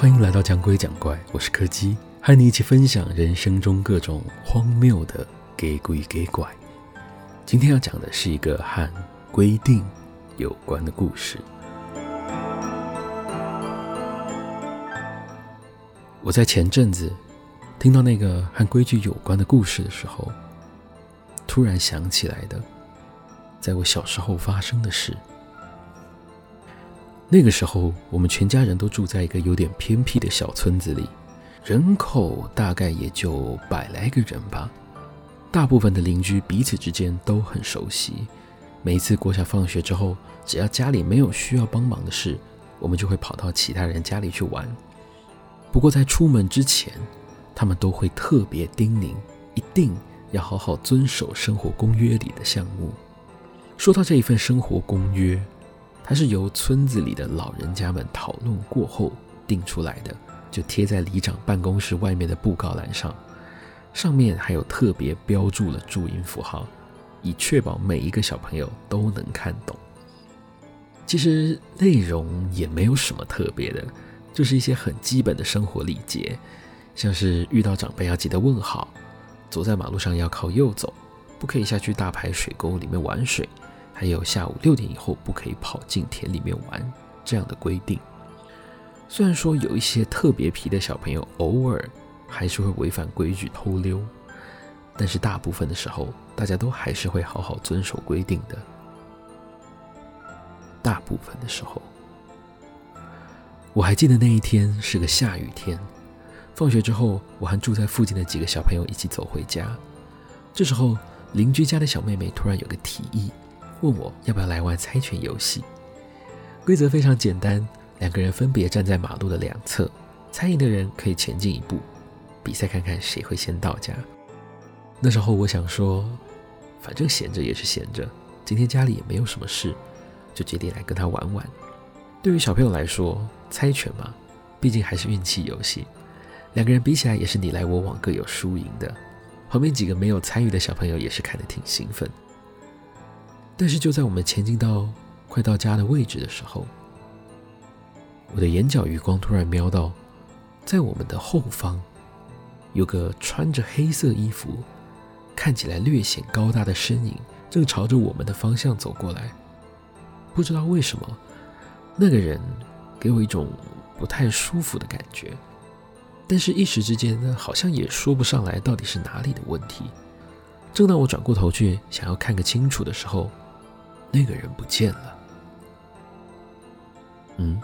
歡迎來到講鬼講怪，我是柯基，和你一起分享人生中各種荒謬的給鬼給怪。今天要講的是一個和規定有關的故事。我在前陣子聽到那個和規矩有關的故事的時候，突然想起來的，在我小時候發生的事。那個時候，我們全家人都住在一個有點偏僻的小村子裡，人口大概也就百來個人吧。大部分的鄰居彼此之間都很熟悉。每次國小放學之後，只要家裡沒有需要幫忙的事，我們就會跑到其他人家裡去玩。不過在出門之前，他們都會特別叮嚀，一定要好好遵守生活公約裡的項目。說到這一份生活公約。它是由村子裡的老人家們討論過後定出來的，就貼在里長辦公室外面的布告欄上，上面還有特別標注了注音符號，以確保每一個小朋友都能看懂。其實內容也沒有什麼特別的，就是一些很基本的生活禮節，像是遇到長輩要記得問好，走在馬路上要靠右走，不可以下去大排水溝裡面玩水。還有下午六點以後不可以跑進田裡面玩這樣的規定。雖然說有一些特別皮的小朋友偶爾還是會違反規矩偷溜，但是大部分的時候大家都還是會好好遵守規定的。大部分的時候，我還記得那一天是個下雨天，放學之後，我和住在附近的幾個小朋友一起走回家。這時候，鄰居家的小妹妹突然有個提議。問我要不要來玩猜拳遊戲？規則非常簡單，兩個人分別站在馬路的兩側，猜贏的人可以前進一步，比賽看看誰會先到家。那時候我想說，反正閒着也是閒着，今天家裡也沒有什麼事，就決定來跟他玩玩。對於小朋友來說，猜拳嘛，畢竟還是運氣遊戲，兩個人比起來也是你來我往，各有輸贏的。旁邊幾個沒有參與的小朋友也是看得挺興奮。但是就在我們前進到快到家的位置的時候，我的眼角餘光突然瞄到，在我們的後方，有個穿着黑色衣服、看起來略顯高大的身影正朝着我們的方向走過來。不知道為什麼，那個人給我一種不太舒服的感覺，但是一時之間呢，好像也說不上來到底是哪裡的問題。正當我轉過頭去想要看個清楚的時候，那個人不見了。嗯，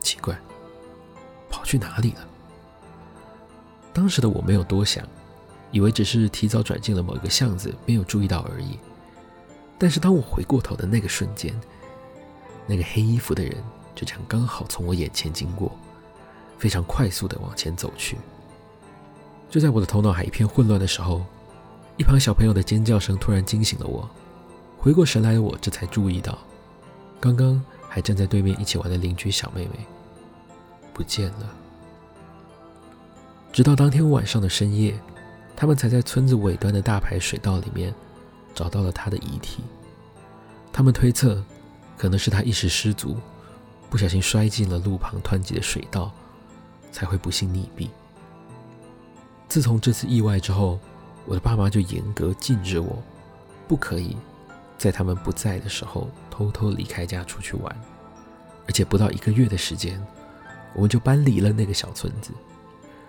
奇怪，跑去哪裡了？當時的我沒有多想，以為只是提早轉進了某一個巷子，沒有注意到而已。但是當我回過頭的那個瞬間，那個黑衣服的人就像剛好從我眼前經過，非常快速的往前走去。就在我的頭腦還一片混亂的時候，一旁小朋友的尖叫聲突然驚醒了我。回過神來的我，這才注意到，剛剛還站在對面一起玩的鄰居小妹妹不見了。直到當天晚上的深夜，他們才在村子尾端的大排水道裡面找到了她的遺體。他們推測，可能是她一時失足，不小心摔進了路旁湍急的水道，才會不幸溺斃。自從這次意外之後，我的爸媽就嚴格禁止我，不可以。在他們不在的時候，偷偷離開家出去玩，而且不到一個月的時間，我們就搬離了那個小村子。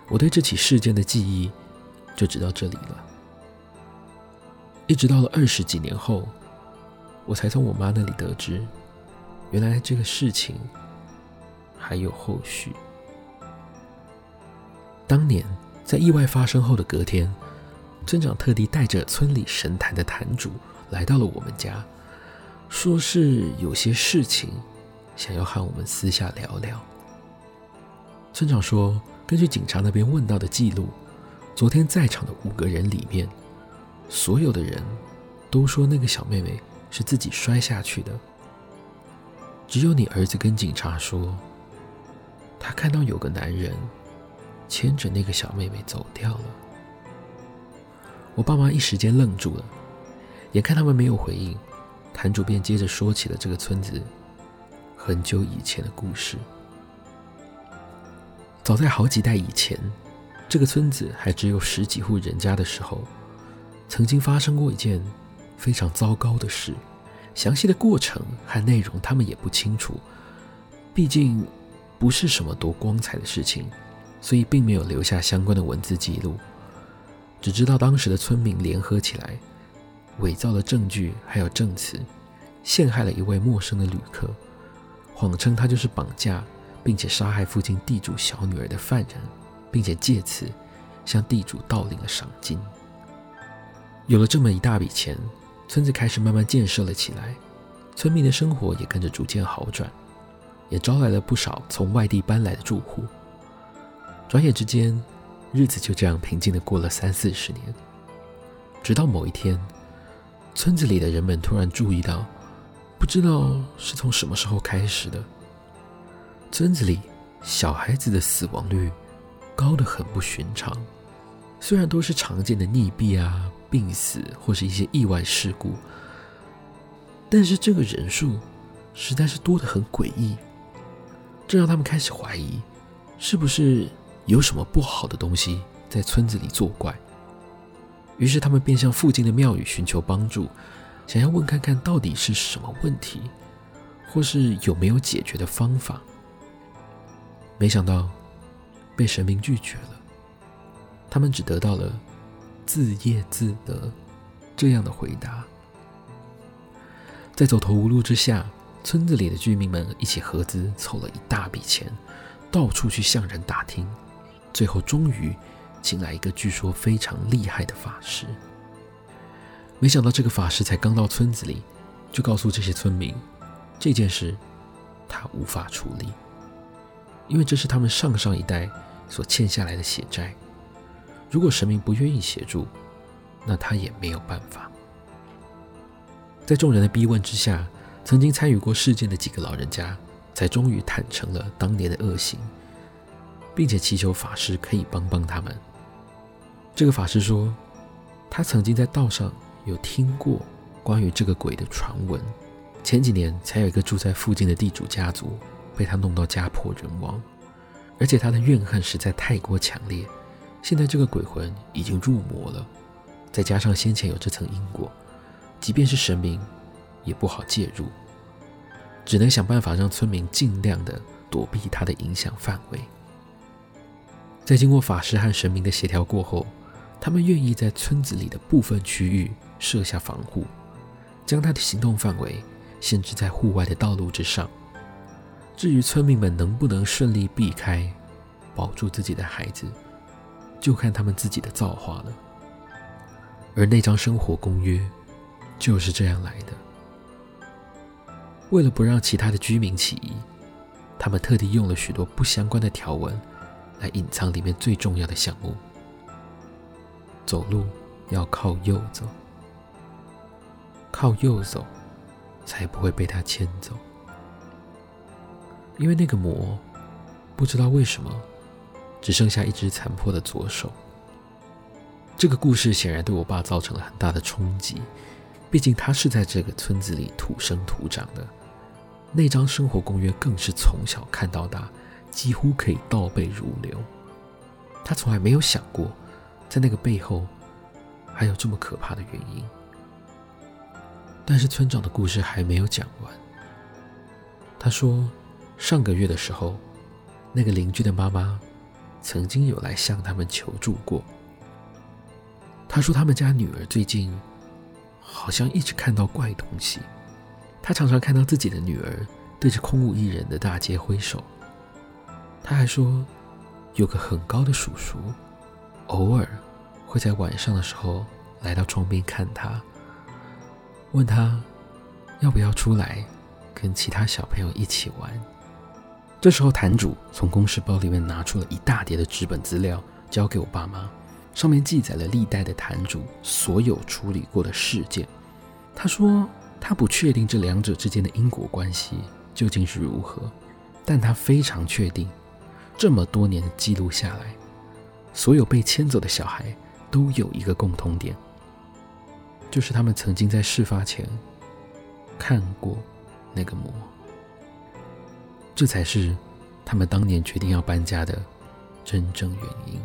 我對這起事件的記憶就只到這裡了。一直到了二十幾年後，我才從我媽那裡得知，原來這個事情還有後續。當年在意外發生後的隔天，村長特地帶着村裡神壇的壇主，來到了我們家，說是有些事情，想要和我們私下聊聊。村長說，根據警察那邊問到的記錄，昨天在場的五個人裡面，所有的人都說那個小妹妹是自己摔下去的。只有你兒子跟警察說，他看到有個男人牽着那個小妹妹走掉了。我爸媽一時間愣住了。眼看他們沒有回應，攤主便接着說起了這個村子很久以前的故事。早在好幾代以前，這個村子還只有十幾戶人家的時候，曾經發生過一件非常糟糕的事。詳細的過程和內容他們也不清楚，畢竟不是什麼多光彩的事情，所以並沒有留下相關的文字記錄。只知道當時的村民聯合起來。偽造了證據，還有證詞，陷害了一位陌生的旅客，謊稱他就是綁架並且殺害附近地主小女兒的犯人，並且借此向地主盜領了賞金。有了這麼一大筆錢，村子開始慢慢建設了起來，村民的生活也跟着逐漸好轉，也招來了不少從外地搬來的住戶。轉眼之間，日子就這樣平靜的過了三四十年，直到某一天。村子裡的人們突然注意到，不知道是從什麼時候開始的，村子裡小孩子的死亡率高得很不尋常。雖然都是常見的溺斃啊、病死或是一些意外事故，但是這個人數實在是多得很詭異，這讓他們開始懷疑，是不是有什麼不好的東西在村子裡作怪。於是他們便向附近的廟宇尋求幫助，想要問看看到底是什麼問題，或是有沒有解決的方法。沒想到被神明拒絕了，他們只得到了“自業自得”這樣的回答。在走投無路之下，村子裡的居民們一起合資湊了一大筆錢，到處去向人打聽，最後終於，請來一個據說非常厲害的法師，沒想到這個法師才剛到村子裡，就告訴這些村民，這件事他無法處理，因為這是他們上上一代所欠下來的血債。如果神明不願意協助，那他也沒有辦法。在眾人的逼問之下，曾經參與過事件的幾個老人家，才終於坦承了當年的惡行，並且祈求法師可以幫幫他們。這個法師說，他曾經在道上有聽過關於這個鬼的傳聞，前幾年才有一個住在附近的地主家族被他弄到家破人亡，而且他的怨恨實在太過強烈，現在這個鬼魂已經入魔了，再加上先前有這層因果，即便是神明也不好介入，只能想辦法讓村民盡量的躲避他的影響範圍。在經過法師和神明的協調過後。他們願意在村子裡的部分區域設下防護，將他的行動範圍限制在戶外的道路之上。至於村民們能不能順利避開，保住自己的孩子，就看他們自己的造化了。而那張生活公約就是這樣來的。為了不讓其他的居民起疑，他們特地用了許多不相關的條文來隱藏裡面最重要的項目。走路要靠右走，靠右走才不會被他牽走。因為那個魔不知道為什麼只剩下一隻殘破的左手。這個故事顯然對我爸造成了很大的衝擊，畢竟他是在這個村子裡土生土長的，那張生活公約更是從小看到大，幾乎可以倒背如流。他從來沒有想過。在那個背後，還有這麼可怕的原因。但是村長的故事還沒有講完。他說，上個月的時候，那個鄰居的媽媽曾經有來向他們求助過。他說，他們家女兒最近好像一直看到怪東西。她常常看到自己的女兒對着空無一人的大街揮手。他還說，有個很高的叔叔。偶爾，會在晚上的時候來到窗邊看他，問他要不要出來跟其他小朋友一起玩。這時候，壇主從公事包裡面拿出了一大疊的紙本資料，交給我爸媽，上面記載了歷代的壇主所有處理過的事件。他說他不確定這兩者之間的因果關係究竟是如何，但他非常確定，這麼多年的記錄下來。所有被牽走的小孩都有一個共同點，就是他們曾經在事發前看過那個魔，這才是他們當年決定要搬家的真正原因。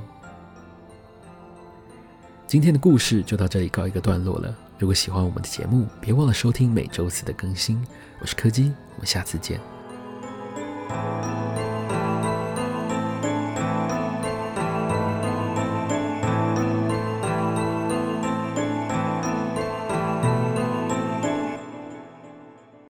今天的故事就到這裡告一個段落了。如果喜歡我們的節目，別忘了收聽每周四的更新。我是柯基，我們下次見。